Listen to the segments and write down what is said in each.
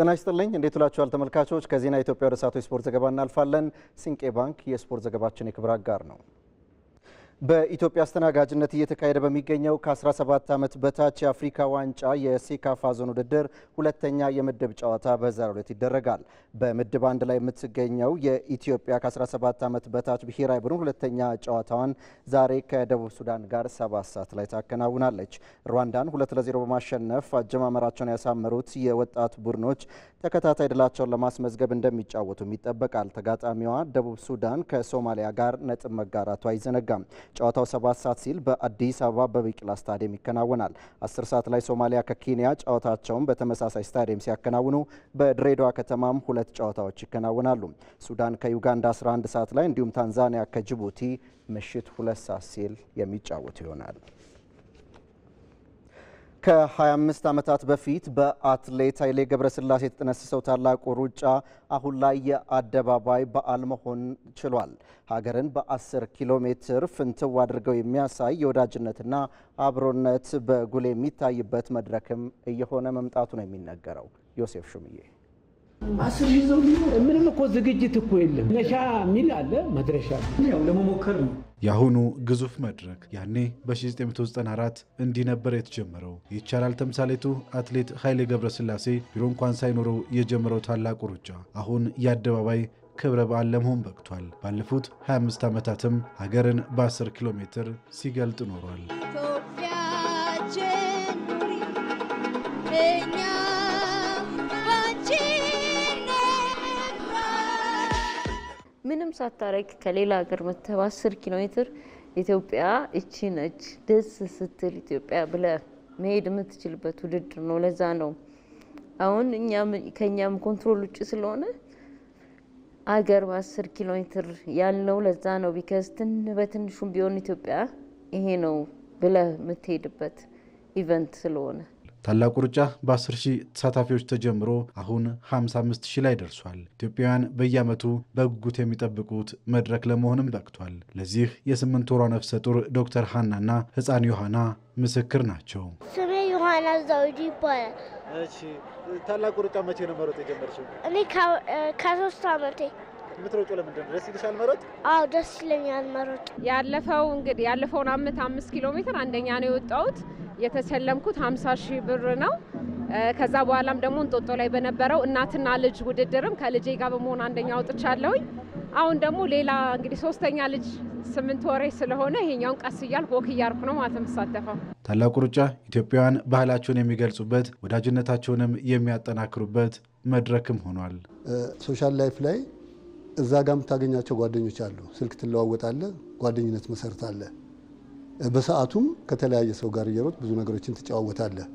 ጤና ይስጥልኝ። እንዴት ውላችኋል ተመልካቾች? ከዜና ኢትዮጵያ ወደ ሰዓቱ የስፖርት ዘገባ እናልፋለን። ሲንቄ ባንክ የስፖርት ዘገባችን የክብር አጋር ነው። በኢትዮጵያ አስተናጋጅነት እየተካሄደ በሚገኘው ከ17 ዓመት በታች የአፍሪካ ዋንጫ የሴካፋ ዞን ውድድር ሁለተኛ የምድብ ጨዋታ በዛሬው ዕለት ይደረጋል። በምድብ አንድ ላይ የምትገኘው የኢትዮጵያ ከ17 ዓመት በታች ብሔራዊ ቡድን ሁለተኛ ጨዋታዋን ዛሬ ከደቡብ ሱዳን ጋር ሰባት ሰዓት ላይ ታከናውናለች። ሩዋንዳን ሁለት ለዜሮ በማሸነፍ አጀማመራቸውን ያሳመሩት የወጣት ቡድኖች ተከታታይ ድላቸውን ለማስመዝገብ እንደሚጫወቱም ይጠበቃል። ተጋጣሚዋ ደቡብ ሱዳን ከሶማሊያ ጋር ነጥብ መጋራቱ አይዘነጋም። ጨዋታው ሰባት ሰዓት ሲል በአዲስ አበባ በቢቂላ ስታዲየም ይከናወናል። አስር ሰዓት ላይ ሶማሊያ ከኬንያ ጨዋታቸውን በተመሳሳይ ስታዲየም ሲያከናውኑ በድሬዳዋ ከተማም ሁለት ጨዋታዎች ይከናወናሉ። ሱዳን ከዩጋንዳ 11 ሰዓት ላይ እንዲሁም ታንዛኒያ ከጅቡቲ ምሽት ሁለት ሰዓት ሲል የሚጫወቱ ይሆናል። ከ25 ዓመታት በፊት በአትሌት ኃይሌ ገብረስላሴ የተጠነሰሰው ታላቁ ሩጫ አሁን ላይ የአደባባይ በዓል መሆን ችሏል። ሀገርን በ10 ኪሎ ሜትር ፍንትው አድርገው የሚያሳይ የወዳጅነትና አብሮነት በጉል የሚታይበት መድረክም እየሆነ መምጣቱ ነው የሚነገረው። ዮሴፍ ሹምዬ አስር ሊኖር ምንም እኮ ዝግጅት እኮ የለም። ነሻ ሚል አለ መድረሻ ያው ለመሞከር ነው። የአሁኑ ግዙፍ መድረክ ያኔ በ1994 እንዲህ ነበር የተጀመረው። ይቻላል ተምሳሌቱ አትሌት ኃይሌ ገብረስላሴ ቢሮ እንኳን ሳይኖረው የጀመረው ታላቁ ሩጫ አሁን የአደባባይ ክብረ በዓል ለመሆን በቅቷል። ባለፉት 25 ዓመታትም ሀገርን በ10 ኪሎ ሜትር ሲገልጥ ኖሯል። ምንም ሳታረግ ከሌላ ሀገር መተህ ስር ኪሎ ሜትር ኢትዮጵያ እቺ ነች ደስ ስትል ኢትዮጵያ ብለ መሄድ የምትችልበት ውድድር ነው። ለዛ ነው አሁን ከእኛም ኮንትሮል ውጭ ስለሆነ አገር በአስር ኪሎ ሜትር ያልነው ለዛ ነው። ቢከስ ትን በትንሹም ቢሆን ኢትዮጵያ ይሄ ነው ብለ የምትሄድበት ኢቨንት ስለሆነ ታላቁ ሩጫ በ10 ሺህ ተሳታፊዎች ተጀምሮ አሁን 55 ሺህ ላይ ደርሷል። ኢትዮጵያውያን በየዓመቱ በጉጉት የሚጠብቁት መድረክ ለመሆንም በቅቷል። ለዚህ የስምንት ወሯ ነፍሰ ጡር ዶክተር ሀናና ህፃን ዮሐና ምስክር ናቸው። ስሜ ዮሐና ዛውዲ ይባላል። ታላቁ ሩጫ መቼ ነው መሮጥ የጀመርሽው? እኔ ከሶስት ዓመቴ የምትሮጪው ለምንድን ነው? ደስ ይልሻል መሮጥ? አዎ ደስ ይለኛል መሮጥ። ያለፈው እንግዲህ ያለፈውን አመት አምስት ኪሎ ሜትር አንደኛ ነው የወጣሁት የተሸለምኩት 50 ሺህ ብር ነው። ከዛ በኋላም ደግሞ እንጦጦ ላይ በነበረው እናትና ልጅ ውድድርም ከልጄ ጋር በመሆን አንደኛ ወጥቻለሁኝ። አሁን ደግሞ ሌላ እንግዲህ ሶስተኛ ልጅ ስምንት ወሬ ስለሆነ ይሄኛውን ቀስ እያልኩ ወክ እያልኩ ነው ማለት የምሳተፈው። ታላቁ ሩጫ ኢትዮጵያውያን ባህላቸውን የሚገልጹበት ወዳጅነታቸውንም የሚያጠናክሩበት መድረክም ሆኗል። ሶሻል ላይፍ ላይ እዛ ጋር የምታገኛቸው ጓደኞች አሉ። ስልክ ትለዋወጣለ፣ ጓደኝነት መሰርታለ በሰዓቱም ከተለያየ ሰው ጋር እየሮጥ ብዙ ነገሮችን ትጨዋወታለህ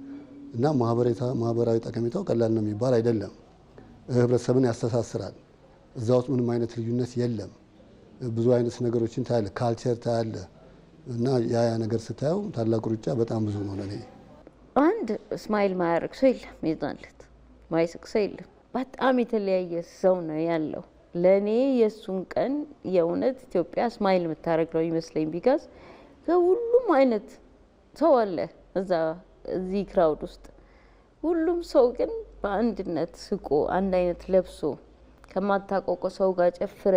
እና ማህበራዊ ጠቀሜታው ቀላል ነው የሚባል አይደለም። ህብረተሰብን ያስተሳስራል። እዛ ውስጥ ምንም አይነት ልዩነት የለም። ብዙ አይነት ነገሮችን ታያለ፣ ካልቸር ታያለ እና ያ ያ ነገር ስታየው ታላቁ ሩጫ በጣም ብዙ ነው። ለኔ አንድ ስማይል ማያደርግ ሰው የለም፣ ይዛለት ማይስቅ ሰው የለም። በጣም የተለያየ ሰው ነው ያለው። ለእኔ የእሱን ቀን የእውነት ኢትዮጵያ ስማይል የምታደረግ ነው ይመስለኝ ቢጋዝ ከሁሉም አይነት ሰው አለ እዛ እዚህ ክራውድ ውስጥ። ሁሉም ሰው ግን በአንድነት ስቆ አንድ አይነት ለብሶ ከማታቆቆ ሰው ጋር ጨፍረ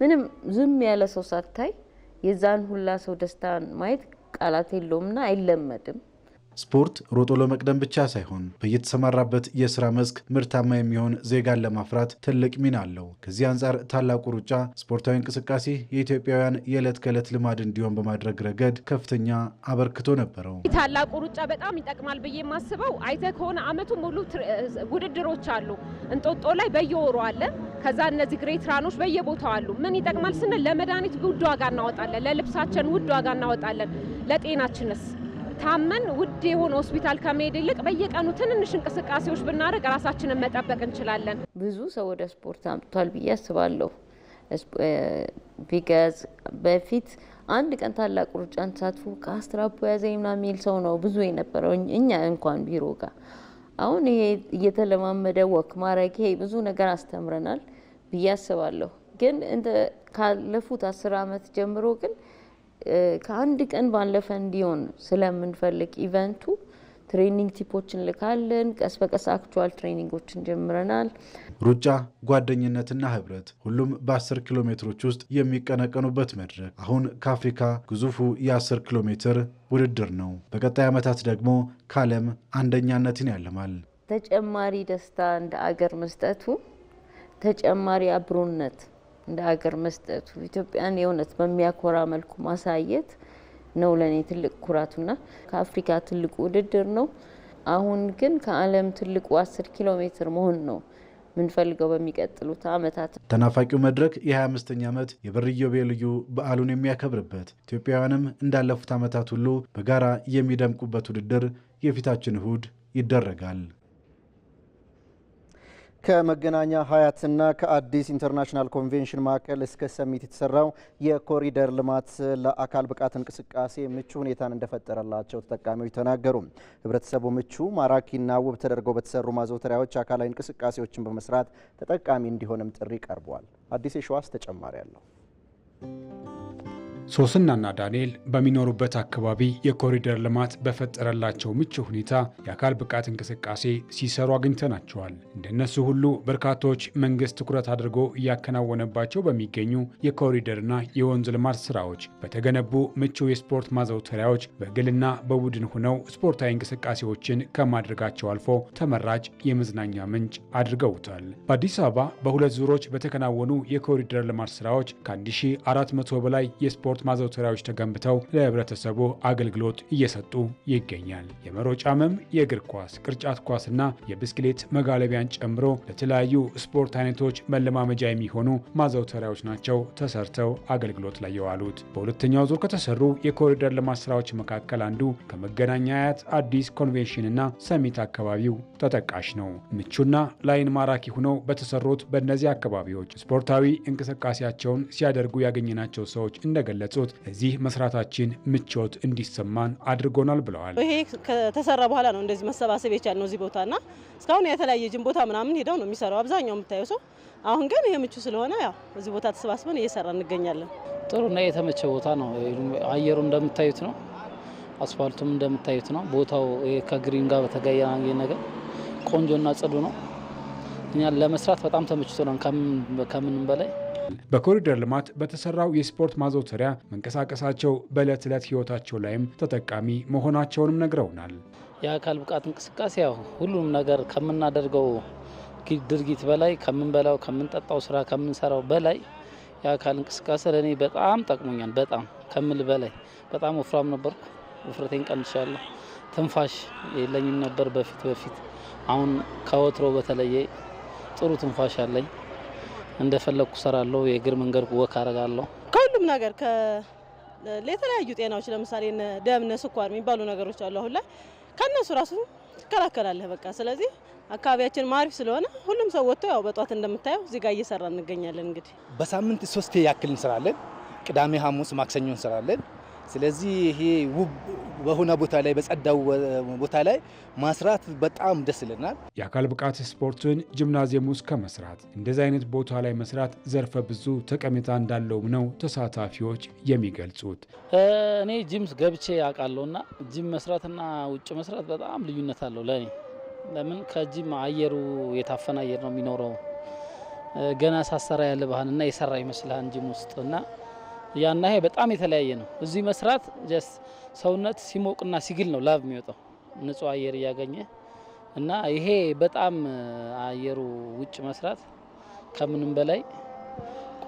ምንም ዝም ያለ ሰው ሳታይ የዛን ሁላ ሰው ደስታን ማየት ቃላት የለውምና አይለመድም። ስፖርት ሮጦ ለመቅደም ብቻ ሳይሆን በየተሰማራበት የስራ መስክ ምርታማ የሚሆን ዜጋን ለማፍራት ትልቅ ሚና አለው። ከዚህ አንጻር ታላቁ ሩጫ ስፖርታዊ እንቅስቃሴ የኢትዮጵያውያን የዕለት ከዕለት ልማድ እንዲሆን በማድረግ ረገድ ከፍተኛ አበርክቶ ነበረው። ታላቁ ሩጫ በጣም ይጠቅማል ብዬ የማስበው አይተ ከሆነ አመቱ ሙሉ ውድድሮች አሉ። እንጦጦ ላይ በየወሩ አለ። ከዛ እነዚህ ግሬት ራኖች በየቦታው አሉ። ምን ይጠቅማል ስንል ለመድኃኒት ውድ ዋጋ እናወጣለን፣ ለልብሳችን ውድ ዋጋ እናወጣለን። ለጤናችንስ ታመን ውድ የሆነ ሆስፒታል ከመሄድ ይልቅ በየቀኑ ትንንሽ እንቅስቃሴዎች ብናደርግ ራሳችንን መጠበቅ እንችላለን። ብዙ ሰው ወደ ስፖርት አምጥቷል ብዬ አስባለሁ። ቢገዝ በፊት አንድ ቀን ታላቅ ሩጫን ተሳትፎ ከአስትራፖ ያዘኝ ምናምን የሚል ሰው ነው ብዙ የነበረው እኛ እንኳን ቢሮ ጋር አሁን ይሄ እየተለማመደ ወክ ማድረግ ይሄ ብዙ ነገር አስተምረናል ብዬ አስባለሁ። ግን ካለፉት አስር አመት ጀምሮ ግን ከአንድ ቀን ባለፈ እንዲሆን ስለምንፈልግ ኢቨንቱ ትሬኒንግ ቲፖች እንልካለን ቀስ በቀስ አክቹዋል ትሬኒንጎችን ጀምረናል። ሩጫ፣ ጓደኝነትና ህብረት ሁሉም በ10 ኪሎ ሜትሮች ውስጥ የሚቀነቀኑበት መድረክ አሁን ከአፍሪካ ግዙፉ የ10 ኪሎ ሜትር ውድድር ነው። በቀጣይ ዓመታት ደግሞ ከዓለም አንደኛነትን ያለማል። ተጨማሪ ደስታ እንደ አገር መስጠቱ ተጨማሪ አብሮነት እንደ ሀገር መስጠቱ ኢትዮጵያን የእውነት በሚያኮራ መልኩ ማሳየት ነው ለእኔ ትልቅ ኩራቱና ከአፍሪካ ትልቁ ውድድር ነው። አሁን ግን ከዓለም ትልቁ አስር ኪሎ ሜትር መሆን ነው ምንፈልገው በሚቀጥሉት ዓመታት። ተናፋቂው መድረክ የ25ኛ ዓመት የብር ኢዮቤልዩ በዓሉን የሚያከብርበት ኢትዮጵያውያንም እንዳለፉት ዓመታት ሁሉ በጋራ የሚደምቁበት ውድድር የፊታችን እሁድ ይደረጋል። ከመገናኛ ሀያትና ከአዲስ ኢንተርናሽናል ኮንቬንሽን ማዕከል እስከ ሰሚት የተሰራው የኮሪደር ልማት ለአካል ብቃት እንቅስቃሴ ምቹ ሁኔታን እንደፈጠረላቸው ተጠቃሚዎች ተናገሩ። ህብረተሰቡ ምቹ፣ ማራኪና ውብ ተደርገው በተሰሩ ማዘውተሪያዎች አካላዊ እንቅስቃሴዎችን በመስራት ተጠቃሚ እንዲሆንም ጥሪ ቀርቧል። አዲስ የሸዋስ ተጨማሪ አለው። ሶስናና ዳንኤል በሚኖሩበት አካባቢ የኮሪደር ልማት በፈጠረላቸው ምቹ ሁኔታ የአካል ብቃት እንቅስቃሴ ሲሰሩ አግኝተናቸዋል። እንደነሱ ሁሉ በርካቶች መንግስት ትኩረት አድርጎ እያከናወነባቸው በሚገኙ የኮሪደርና የወንዝ ልማት ስራዎች በተገነቡ ምቹ የስፖርት ማዘውተሪያዎች በግልና በቡድን ሆነው ስፖርታዊ እንቅስቃሴዎችን ከማድረጋቸው አልፎ ተመራጭ የመዝናኛ ምንጭ አድርገውታል። በአዲስ አበባ በሁለት ዙሮች በተከናወኑ የኮሪደር ልማት ስራዎች ከ1400 በላይ የስፖርት የስፖርት ማዘውተሪያዎች ተገንብተው ለህብረተሰቡ አገልግሎት እየሰጡ ይገኛል። የመሮጫ መም፣ የእግር ኳስ፣ ቅርጫት ኳስና የብስክሌት መጋለቢያን ጨምሮ ለተለያዩ ስፖርት አይነቶች መለማመጃ የሚሆኑ ማዘውተሪያዎች ናቸው ተሰርተው አገልግሎት ላይ የዋሉት። በሁለተኛው ዙር ከተሰሩ የኮሪደር ልማት ስራዎች መካከል አንዱ ከመገናኛ አያት አዲስ ኮንቬንሽንና ሰሚት አካባቢው ተጠቃሽ ነው። ምቹና ለአይን ማራኪ ሆነው በተሰሩት በእነዚህ አካባቢዎች ስፖርታዊ እንቅስቃሴያቸውን ሲያደርጉ ያገኘናቸው ሰዎች እንደገለ። እንደገለጹት እዚህ መስራታችን ምቾት እንዲሰማን አድርጎናል ብለዋል። ይሄ ከተሰራ በኋላ ነው እንደዚህ መሰባሰብ የቻልነው እዚህ ቦታ ና እስካሁን የተለያየ ጅም ቦታ ምናምን ሄደው ነው የሚሰራው አብዛኛው የምታየው ሰው። አሁን ግን ይሄ ምቹ ስለሆነ ያው እዚህ ቦታ ተሰባስበን እየሰራ እንገኛለን። ና የተመቸ ቦታ ነው። አየሩ እንደምታዩት ነው። አስፋልቱም እንደምታዩት ነው። ቦታው ከግሪን ጋር በተገናኘ ነገር ቆንጆና ጽዱ ነው። እኛ ለመስራት በጣም ተመችቶናል ከምንም በላይ ይገኛል። በኮሪደር ልማት በተሰራው የስፖርት ማዘውተሪያ መንቀሳቀሳቸው በዕለት ዕለት ህይወታቸው ላይም ተጠቃሚ መሆናቸውንም ነግረውናል። የአካል ብቃት እንቅስቃሴ ያው ሁሉም ነገር ከምናደርገው ድርጊት በላይ ከምንበላው፣ ከምንጠጣው፣ ስራ ከምንሰራው በላይ የአካል እንቅስቃሴ ለእኔ በጣም ጠቅሞኛል። በጣም ከምል በላይ በጣም ወፍራም ነበርኩ። ውፍረቴን ቀንሻለሁ። ትንፋሽ የለኝም ነበር በፊት በፊት። አሁን ከወትሮ በተለየ ጥሩ ትንፋሽ አለኝ። እንደፈለግኩ ሰራለሁ። የእግር መንገድ ወክ አረጋለሁ። ከሁሉም ነገር የተለያዩ ጤናዎች ለምሳሌ ደም ስኳር የሚባሉ ነገሮች አሉ። አሁን ላይ ከእነሱ ራሱ ትከላከላለህ በቃ። ስለዚህ አካባቢያችን ማሪፍ ስለሆነ ሁሉም ሰው ወጥቶ ያው በጧት እንደምታየው እዚህ ጋር እየሰራ እንገኛለን። እንግዲህ በሳምንት ሶስቴ ያክል እንሰራለን። ቅዳሜ፣ ሐሙስ፣ ማክሰኞ እንሰራለን። ስለዚህ ይሄ ውብ በሆነ ቦታ ላይ በጸዳው ቦታ ላይ ማስራት በጣም ደስ ይለናል። የአካል ብቃት ስፖርትን ጂምናዚየም ውስጥ ከመስራት እንደዚህ አይነት ቦታ ላይ መስራት ዘርፈ ብዙ ጠቀሜታ እንዳለውም ነው ተሳታፊዎች የሚገልጹት። እኔ ጂም ገብቼ እና ጂም መስራትና ውጭ መስራት በጣም ልዩነት አለው ለእኔ። ለምን ከጂም አየሩ የታፈነ አየር ነው የሚኖረው። ገና ሳሰራ ያለ ባህልና የሰራ ይመስልሃል ጂም ውስጥ እና ያና ይሄ በጣም የተለያየ ነው። እዚህ መስራት ጀስ ሰውነት ሲሞቅና ሲግል ነው ላብ የሚወጣው ንጹህ አየር እያገኘ እና ይሄ በጣም አየሩ ውጭ መስራት ከምንም በላይ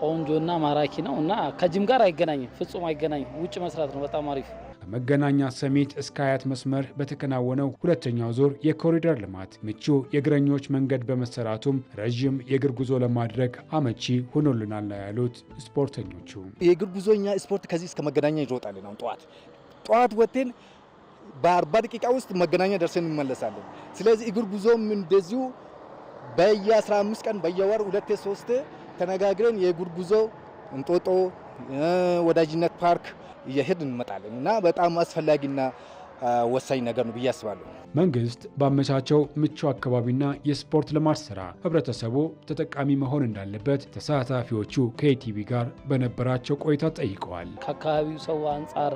ቆንጆና ማራኪ ነው እና ከጅም ጋር አይገናኝም፣ ፍጹም አይገናኝም። ውጭ መስራት ነው በጣም አሪፍ ከመገናኛ ሰሚት እስከ አያት መስመር በተከናወነው ሁለተኛው ዙር የኮሪደር ልማት ምቹ የእግረኞች መንገድ በመሰራቱም ረዥም የእግር ጉዞ ለማድረግ አመቺ ሆኖልናል ነው ያሉት ስፖርተኞቹ። የእግር ጉዞኛ ስፖርት ከዚህ እስከ መገናኛ ይሮጣልን። አሁን ጠዋት ጠዋት ወጥተን በአርባ ደቂቃ ውስጥ መገናኛ ደርሰን እንመለሳለን። ስለዚህ እግር ጉዞም እንደዚሁ በየ15 ቀን በየወር ሁለቴ ሶስቴ ተነጋግረን የእግር ጉዞ እንጦጦ ወዳጅነት ፓርክ እየሄድ እንመጣለን እና በጣም አስፈላጊና ወሳኝ ነገር ነው ብዬ አስባለሁ። መንግስት ባመቻቸው ምቹ አካባቢና የስፖርት ልማት ስራ ህብረተሰቡ ተጠቃሚ መሆን እንዳለበት ተሳታፊዎቹ ከኢቲቪ ጋር በነበራቸው ቆይታ ጠይቀዋል። ከአካባቢው ሰው አንጻር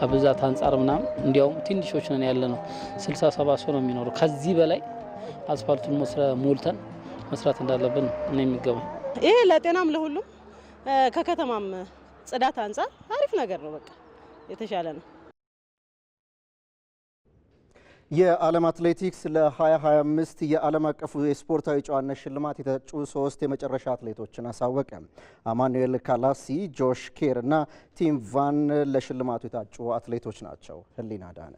ከብዛት አንጻር ምናም እንዲያውም ትንሾች ነን ያለ ነው። 67 ሰው ነው የሚኖረው። ከዚህ በላይ አስፋልቱን ሞልተን መስራት እንዳለብን ነው የሚገባ ይሄ ለጤናም ለሁሉም ከከተማም ጽዳት አንጻር አሪፍ ነገር ነው። በቃ የተሻለ ነው። የዓለም አትሌቲክስ ለ2025 የዓለም አቀፉ የስፖርታዊ ጨዋነት ሽልማት የተጩ ሶስት የመጨረሻ አትሌቶችን አሳወቀ። አማኑኤል ካላሲ፣ ጆሽ ኬር እና ቲም ቫን ለሽልማቱ የታጩ አትሌቶች ናቸው። ህሊና ዳነ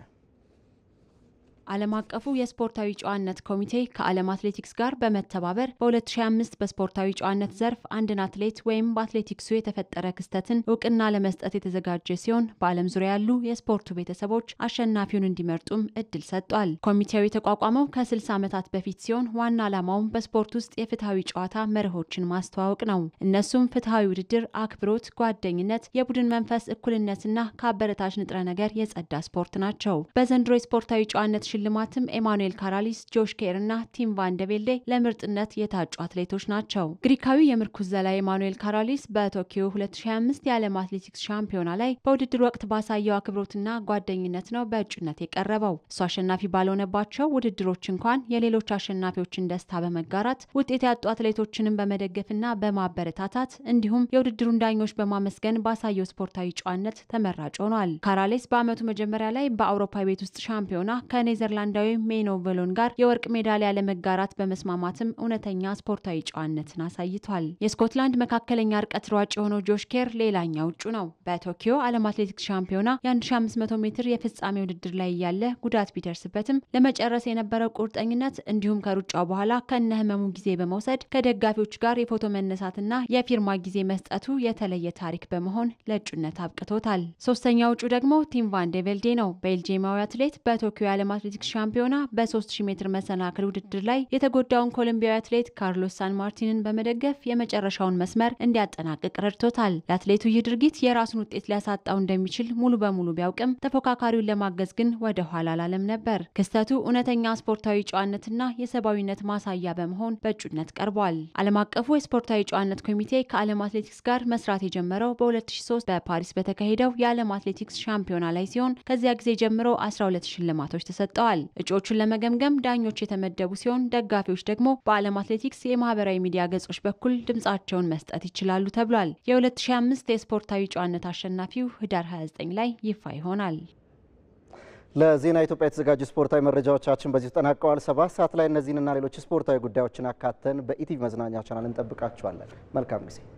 ዓለም አቀፉ የስፖርታዊ ጨዋነት ኮሚቴ ከዓለም አትሌቲክስ ጋር በመተባበር በ2025 በስፖርታዊ ጨዋነት ዘርፍ አንድን አትሌት ወይም በአትሌቲክሱ የተፈጠረ ክስተትን እውቅና ለመስጠት የተዘጋጀ ሲሆን በዓለም ዙሪያ ያሉ የስፖርቱ ቤተሰቦች አሸናፊውን እንዲመርጡም እድል ሰጥቷል። ኮሚቴው የተቋቋመው ከ60 ዓመታት በፊት ሲሆን ዋና ዓላማውም በስፖርት ውስጥ የፍትሐዊ ጨዋታ መርሆችን ማስተዋወቅ ነው። እነሱም ፍትሐዊ ውድድር፣ አክብሮት፣ ጓደኝነት፣ የቡድን መንፈስ፣ እኩልነትና ከአበረታች ንጥረ ነገር የጸዳ ስፖርት ናቸው። በዘንድሮ የስፖርታዊ ጨዋነት ሽልማትም ኤማኑኤል ካራሊስ፣ ጆሽ ኬር እና ቲም ቫንደቤልዴ ለምርጥነት የታጩ አትሌቶች ናቸው። ግሪካዊ የምርኩዝ ዘላ ኤማኑኤል ካራሊስ በቶኪዮ 2025 የዓለም አትሌቲክስ ሻምፒዮና ላይ በውድድር ወቅት ባሳየው አክብሮትና ጓደኝነት ነው በእጩነት የቀረበው። እሱ አሸናፊ ባልሆነባቸው ውድድሮች እንኳን የሌሎች አሸናፊዎችን ደስታ በመጋራት ውጤት ያጡ አትሌቶችንም በመደገፍና በማበረታታት እንዲሁም የውድድሩን ዳኞች በማመስገን ባሳየው ስፖርታዊ ጨዋነት ተመራጭ ሆኗል። ካራሌስ በዓመቱ መጀመሪያ ላይ በአውሮፓ ቤት ውስጥ ሻምፒዮና ከኔዘ ከኔዘርላንዳዊ ሜኖ ቬሎን ጋር የወርቅ ሜዳሊያ ለመጋራት በመስማማትም እውነተኛ ስፖርታዊ ጨዋነትን አሳይቷል። የስኮትላንድ መካከለኛ ርቀት ሯጭ የሆነው ጆሽ ኬር ሌላኛው እጩ ነው። በቶኪዮ ዓለም አትሌቲክስ ሻምፒዮና የ1500 ሜትር የፍጻሜ ውድድር ላይ እያለ ጉዳት ቢደርስበትም ለመጨረስ የነበረው ቁርጠኝነት እንዲሁም ከሩጫው በኋላ ከነ ህመሙ ጊዜ በመውሰድ ከደጋፊዎች ጋር የፎቶ መነሳትና የፊርማ ጊዜ መስጠቱ የተለየ ታሪክ በመሆን ለእጩነት አብቅቶታል። ሶስተኛው እጩ ደግሞ ቲም ቫን ዴ ቬልዴ ነው። ቤልጂየማዊ አትሌት በቶኪዮ የዓለም አትሌቲክስ የፊዚክስ ሻምፒዮና በ3000 ሜትር መሰናክል ውድድር ላይ የተጎዳውን ኮሎምቢያዊ አትሌት ካርሎስ ሳን ማርቲንን በመደገፍ የመጨረሻውን መስመር እንዲያጠናቅቅ ረድቶታል። ለአትሌቱ ይህ ድርጊት የራሱን ውጤት ሊያሳጣው እንደሚችል ሙሉ በሙሉ ቢያውቅም ተፎካካሪውን ለማገዝ ግን ወደ ኋላ አላለም ነበር። ክስተቱ እውነተኛ ስፖርታዊ ጨዋነትና የሰብአዊነት ማሳያ በመሆን በእጩነት ቀርቧል። ዓለም አቀፉ የስፖርታዊ ጨዋነት ኮሚቴ ከዓለም አትሌቲክስ ጋር መስራት የጀመረው በ2003 በፓሪስ በተካሄደው የዓለም አትሌቲክስ ሻምፒዮና ላይ ሲሆን ከዚያ ጊዜ ጀምሮ 12 ሽልማቶች ተሰጠዋል። ገልጸዋል። እጩዎቹን ለመገምገም ዳኞች የተመደቡ ሲሆን ደጋፊዎች ደግሞ በዓለም አትሌቲክስ የማህበራዊ ሚዲያ ገጾች በኩል ድምጻቸውን መስጠት ይችላሉ ተብሏል። የ2005 የስፖርታዊ ጨዋነት አሸናፊው ህዳር 29 ላይ ይፋ ይሆናል። ለዜና ኢትዮጵያ የተዘጋጁ ስፖርታዊ መረጃዎቻችን በዚህ ተጠናቀዋል። ሰባት ሰዓት ላይ እነዚህንና ሌሎች ስፖርታዊ ጉዳዮችን አካተን በኢቲቪ መዝናኛ ቻናል እንጠብቃችኋለን። መልካም ጊዜ